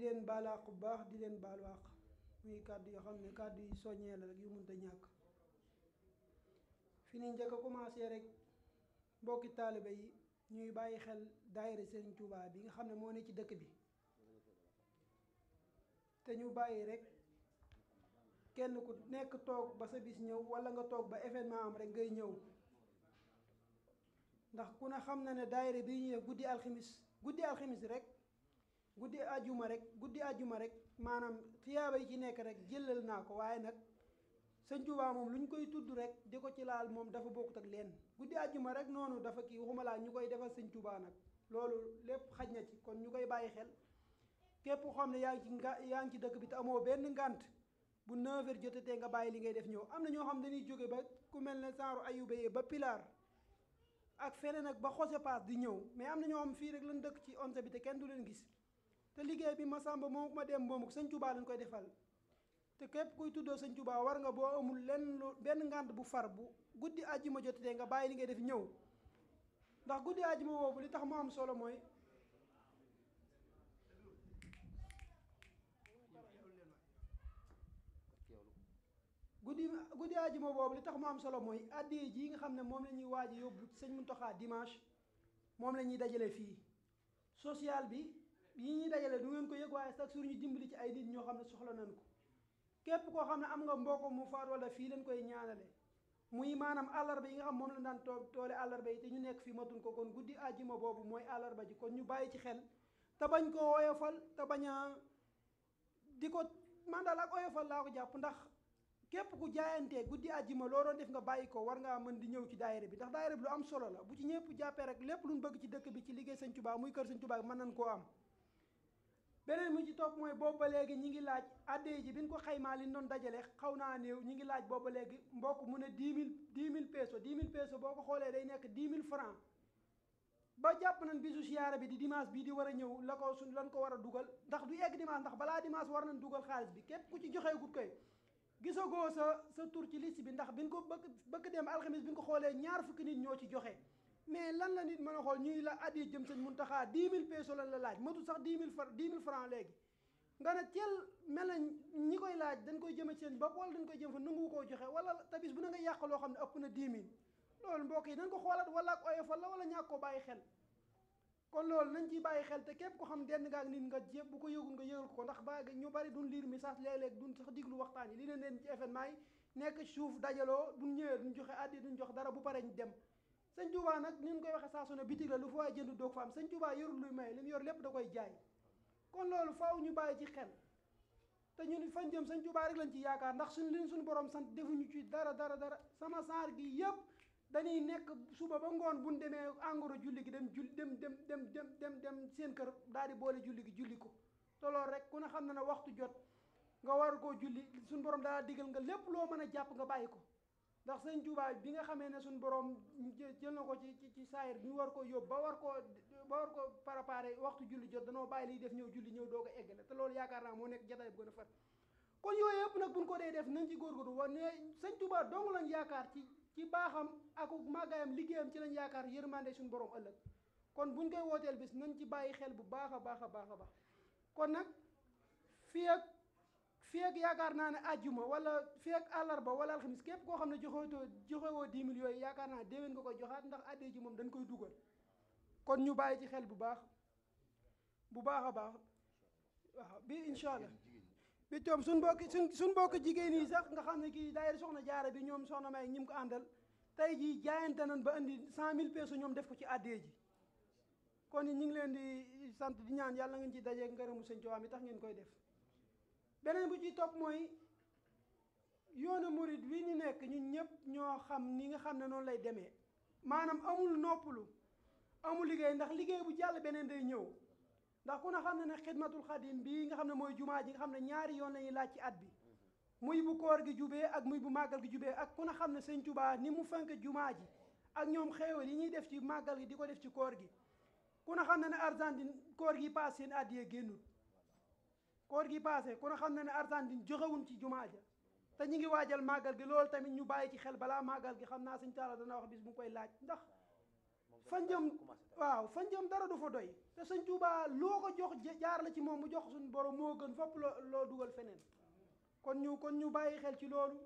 di leen baalaaq bu baax di leen baaluwaaq muy kàddu yoo xam ne kàddu yi soññee la rek yu mënta ñàkk fi ni njëkk a commencé rek mbokki taalibe yi ñuy bàyyi xel dayre Serigne Touba bi nga xam ne moo ne ci dëkk bi te ñu bàyyi rek kenn ku nekk toog ba sa bis ñëw wala nga toog ba événement am rek ngay ñëw ndax ku ne xam na ne daayira bi ñuy def guddi alximis guddi alximis rek guddi ajuma rek guddi ajuma rek maanaam tiyaaba yi ci nekk rek jëlal naa ko waaye nag sëñ Tuubaa moom lu ñu koy tudd rek di ko ci laal moom dafa bokkut ak leen guddi ajuma rek noonu dafa kii waxuma laa ñu koy defal sëñ Tuubaa nag loolu lépp xaj na ci kon ñu koy bàyyi xel képp xam ne yaa ngi ci nga yaa ngi ci dëkk bi te amoo benn ngant bu 9h jotatee nga bàyyi li ngay def ñëw am na ñoo xam dañuy jóge ba ku mel ne saaru ayubéyee ba pilaar ak feneen ak ba xose paas di ñëw mais am na ñoo xam fii rek lan dëkk ci onze bi te kenn du leen gis te liggéey bi Masamba moom ma dem moomu ko sëñ Touba lañ koy defal te képp kuy tuddoo sañ Touba war nga boo amul lenn lu benn ngànt bu far bu guddi àjjuma jotee nga bàyyi li ngay def ñëw ndax guddi àjjuma boobu li tax mu am solo mooy. guddi guddi àjjuma boobu li tax mu am solo mooy addiye ji nga xam ne moom la ñuy waaj a yóbbu sëñ Mountakha dimanche moom lañuy ñuy dajale fii social bi. yi ñu dajale du ngeen ko yëg waaye chaque jour ñu dimbali ci ay nit ñoo xam ne soxla nañ ko képp koo xam ne am nga mbokk mu faat wala fii leen koy ñaanale muy maanaam àllarba yi nga xam moom la daan toog toole àllarba yi te ñu nekk fi matun ko kon guddi àjjuma boobu mooy àllarba ji kon ñu bàyyi ci xel te bañ ko woyofal te bañ a di ko man daal ak woyofal laa ko jàpp ndax képp ku jaayantee guddi àjjuma loo doon def nga bàyyi ko war ngaa mën di ñëw ci daayira bi ndax daayira bi lu am solo la bu ci ñëpp jàppee rek lépp luñ bëgg ci dëkk bi ci liggéey Sëñ muy kër Sëñ Tuubaa mën nañ koo am beneen mu ci topp mooy booba léegi ñi ngi laaj addee ji bi ñu ko xaymaa li ñu dajale xaw naa néew ñi ngi laaj booba léegi mbokk mu ne dix mille dix mille peso dix mille peso boo ko xoolee day nekk dix mille franc ba jàpp nañ bi siyaara bi di dimanche bii di war a ñëw la ko la lan ko war a dugal ndax du egg dimanche ndax balaa dimanche war nañ dugal xaalis bi képp ku ci joxeegut koy gisagoo sa sa tur ci list bi ndax bi biñ ko bëgg bëgg dem alxamis bi ñu ko xoolee ñaar fukki nit ñoo ci joxe mais lan la nit mën a xool ñuy la addi jëm sëñ taxaa 10 000 pesos lan la laaj matu sax 10 mil far 10 000 francs léegi nga ne teel mel na ñi koy laaj dañ koy jëm ci seen bopp wala dañ koy jëm fa nangu koo joxe wala tabis bu na yàq loo xam ne ëpp na 10 000 loolu mbokk yi dañ ko xoolaat wala ak oyofal la wala ñàkk ko bàyyi xel kon loolu nañ ci bàyyi xel te képp ko xam denn ngaa nit nga jépp bu ko yëgul nga yëgal ko ndax ba ñu bari duñ liir message léeg-léeg duñ sax diglu waxtaan li leen leen ci événement yi nekk suuf dajaloo duñ ñëwee duñ joxe addi jox dara bu pare ñu dem sëñ Tuubaa nag ni ñu koy waxee saa su ne bitig la lu fa waay jënd doog fa am sëñ Tuubaa yorul luy may li mu yor lépp da koy jaay kon loolu faw ñu bàyyi ci xel te ñu ni fañ jëm sëñ Tuubaa rek lañ ci yaakaar ndax suñ liñ suñu borom sant defuñu ci dara dara dara sama saar gi yépp dañuy nekk suba ba ngoon buñ demee engoro julli gi dem julli dem dem dem dem dem dem seen kër daal di boole julli gi julli ko te loolu rek ku ne xam na ne waxtu jot nga war koo julli suñu borom daa digal nga lépp loo mën a jàpp nga bàyyi ko ndax sëñ Touba bi nga xamee ne suñu borom jël na ko ci ci saayir bi war ko yóbbu ba war koo ba war ko préparé waxtu julli jot danoo bàyyi liy def ñëw julli ñëw doo ko eggale te loolu yaakaar naa moo nekk jataay bu gën a fat kon yooyu yëpp nag buñ ko dee def nañ ci góorgóorlu wa ne sëñ Touba dong lañ yaakaar ci ci baaxam ak màggaayam liggéeyam ci lañ yaakaar yërmande suñu borom ëllëg kon bu buñ koy wooteel bis nañ ci bàyyi xel bu baax a baax a a baax kon nag fii feeg yaakaar naa ne àjjuma wala feeg àllarba wala alxamis képp koo xam ne joxewoo joxewoo dix mille yaakaar naa déwén nga ko joxaat ndax àddee ji moom dañ koy dugal kon ñu bàyyi ci xel bu baax bu baax a baax waaw bi incha allah bi toom suñ mbokk suñ suñ mbokk jigéen yi sax nga xam ne kii daayira soxna jaara bi ñoom soxna may ñi ko àndal tey jii jaayante nañ ba indi cent mille peeso ñoom def ko ci àddee ji kon ñu ngi leen di sant di ñaan yàlla ngeen ci dajeeg ngërëmu sëñ Tuubaa mi tax ngeen koy def beneen bu ci topp mooy yoonu murit wi ñu nekk ñun ñëpp ñoo xam ni nga xam ne noonu lay demee maanaam amul noppalu amul liggéey ndax liggéey bu jàll beneen day ñëw ndax ku ne xam ne ne xidmatul xadim bii nga xam ne mooy jumaa ji nga xam ne ñaari yoon lañuy laaj ci at bi muy bu koor gi jubee ak muy bu màggal gi jubee ak ku ne xam ne sëñ jubaa ni mu fenk jumaa ji ak ñoom xéewal yi ñuy def ci màggal gi di ko def ci koor gi ku ne xam ne ne Argentine koor gi paas seen addiye génnul koor gi passé ku ne xam na ne Argentine joxewuñ ci jumaa ja te ñu ngi waajal màggal gi loolu tamit ñu bàyyi ci xel balaa màggal gi xam naa suñ taala dana wax bis bu koy laaj ndax fa njëm waaw fa njëm dara du fa doy te sëñ Tuubaa loo ko jox jaar la ci moom mu jox suñu borom moo gën fopp loo loo dugal feneen kon ñu kon ñu bàyyi xel ci loolu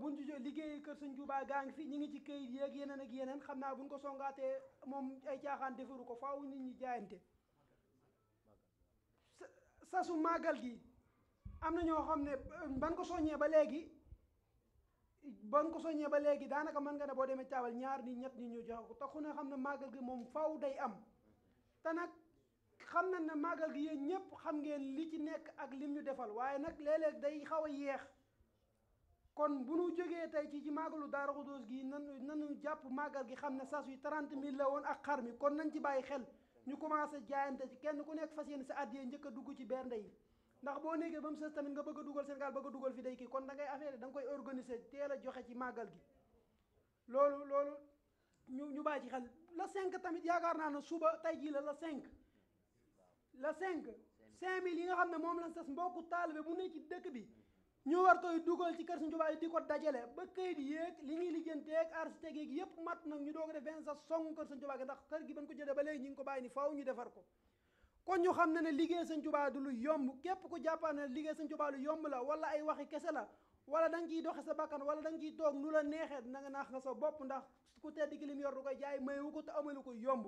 buñ ci liggéey kër sëñ Tuubaa gaa ngi fii ñu ngi ci këyit yi ak yeneen ak yeneen xam naa buñ ko songaatee moom ay caaxaan defaru ko faaw nit ñi jaayante sasu màggal gi am na ñoo xam ne euh, ban ko soññee ba léegi ban ko soññee ba léegi daanaka mën nga ne boo demee caabal ñaar ni ñett ni ñu jox ko te ne xam ne màggal gi moom faw day am te nag xam nañ ne màggal gi yéen ñëpp xam ngeen li ci nekk ak lim ñu defal waaye nag léeg-léeg day xaw a yéex kon bu nu jógee tey ci ci màggalu Daaru Xudoos gi nanu nanu jàpp màggal gi xam ne sas wi 30 mille la woon ak xar mi kon nañ ci bàyyi xel ñu commencé jaayante ci kenn ku nekk fas yéene sa addiyee njëkk a dugg ci bernde yi ndax boo nekkee ba mu sës tamit nga bëgg dugal Sénégal bëgg a dugal fi day kii kon da ngay affaire da nga koy organiser teel a joxe ci màggal gi loolu loolu ñu ñu bàyyi ci xel la 5 tamit yaakaar naa ne suba tey jii la la 5 la 5 5000 yi nga xam ne moom lañ sës mbokku taalibe bu ne ci dëkk bi ñu war koy dugal ci kër Sëriñ Tuubaa yi di ko dajale ba këyit yéeg li ñuy lijjanteeg architecte yeeg yépp mat nag ñu doog a def benn sa song kër Sëriñ Tuubaa gi ndax kër gi bañ ko jëlee ba léegi ñu ngi ko bàyyi ni faaw ñu defar ko kon ñu xam ne ne liggéey sañ Tuubaa du lu yomb képp ku jàppaan ne liggéey Sëriñ Tuubaa lu yomb la wala ay waxi kese la wala da nga ciy doxe sa bakkan wala da kiy ciy toog nu la neexee nanga nga naax nga sa bopp ndax ku tedd ki koy jaay mayewu ko te amalu ko yomb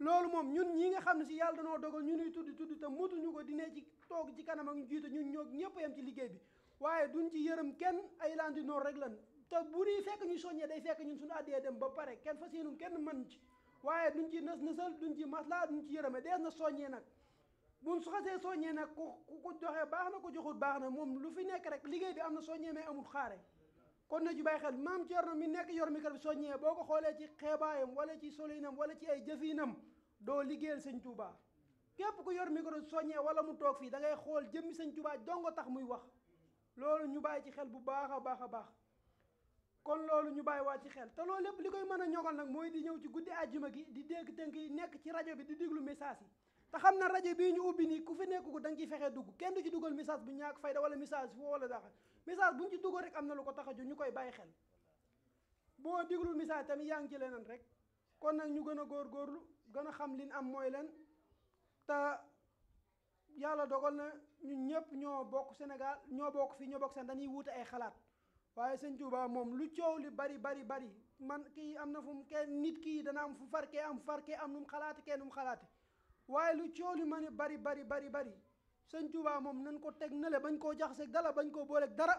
loolu moom ñun ñi nga xam ne si yàlla danoo dogal ñu nuy tudd tudd te mutuñu ko dine ci toog ci kanam ak ñu jiite ñëpp yam ci liggéey bi waaye duñ ci yërëm kenn ay landinoor rek lan te bu ñuy fekk ñu soññee day fekk ñun suñu àddee dem ba pare kenn fas yéenum kenn mën ci waaye duñ ci nës nësal duñ ci maslaa duñ ci yërëme dees na soññee nag buñ su xasee soññee nag ku ku joxee baax na ku joxut baax na moom lu fi nekk rek liggéey bi am na soññee mais amul xaare kon na ju bàyyi xel maam Thierno mi nekk yor micro bi soññee boo ko xoolee ci xeebaayam wala ci solinam wala ci ay jëfinam doo liggéeyal sëñ tuubaa képp ko yor micro soññee wala mu toog fii da ngay xool jëmmi sëñ Touba dongo tax muy wax loolu ñu bàyyi ci xel bu baax a baax a baax kon loolu ñu bàyyi waa ci xel te loolu lépp li koy mën a ñogal nag mooy di ñëw ci guddi àjjuma gi di dégg tënk yi nekk ci rajo bi di déglu message yi te xam na rajo bii ñu ubbi nii ku fi nekk ko nga ciy fexee dugg kenn du ci dugal message bu ñàkk fayda wala message foo wala daaxal message bu ñu ci dugal rek am na lu ko tax a ju ñu koy bàyyi xel boo déglul message tamit yaa ngi ci leneen rek kon nag ñu gën a góorgóorlu gën a xam liñ am mooy leen yàlla dogal na ñu ñëpp ñoo bokk Sénégal ñoo bokk fii ñoo bokk seen dañuy wuute ay xalaat waaye sëñ Touba moom lu coow li bari bari bari man kii am na fu kenn nit kii dana am fu farkee am farkee am nu mu xalaate kenn nu mu xalaate waaye lu coow li ma bari bari bari bari sëñ Touba moom nañ ko teg nale bañ koo jaxaseeg dala bañ koo booleek dara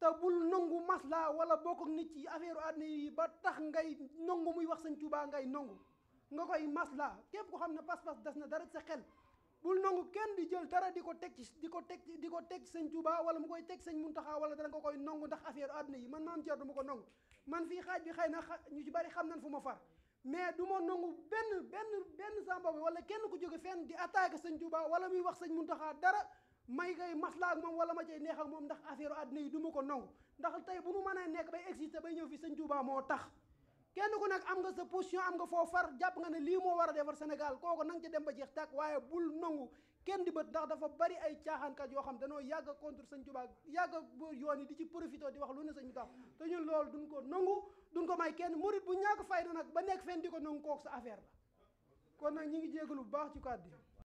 te bul nangu masla wala bokk ak nit ci affaire àddina yi ba tax ngay nangu muy wax sëñ Touba ngay nangu nga koy masla képp ko xam ne pas-pas des na dara sa xel bul nangu kenn di jël dara di ko teg ci di ko teg di ko teg sëñ Touba wala mu koy teg sëñ Muntaxa wala dara nga koy nangu ndax affaire àdduna yi man maam Thierno du ko nangu man fii xaaj bi xëy na ñu ci bari xam nañ fu ma far mais du ma nangu benn benn benn samba bi wala kenn ku jóge fenn di attaqué sëñ Touba wala muy wax sëñ Muntaxa dara may ngay maslaa moom wala ma cay neex ak moom ndax affaire àdduna yi du ko nangu ndax tey bu nu mënee nekk bay existé bay ñëw fi sëñ Touba moo tax kenn ku nekk am nga sa position am nga foo far jàpp nga ne lii moo war a defar Sénégal kooku na nga ci dem ba jeex tàkk waaye bul nangu kenn di bët ndax dafa bari ay caaxaankat yoo xam danoo yàgg contre sañ Tuubaa yàgg a yoon yi di ci profité di wax lu ne sëñ tax te ñun loolu duñ ko nangu duñ ko may kenn murit bu ñàkk fayda nag ba nekk fenn di ko nangu kooku sa affaire la kon nag ñi ngi jégalu lu baax ci kàddu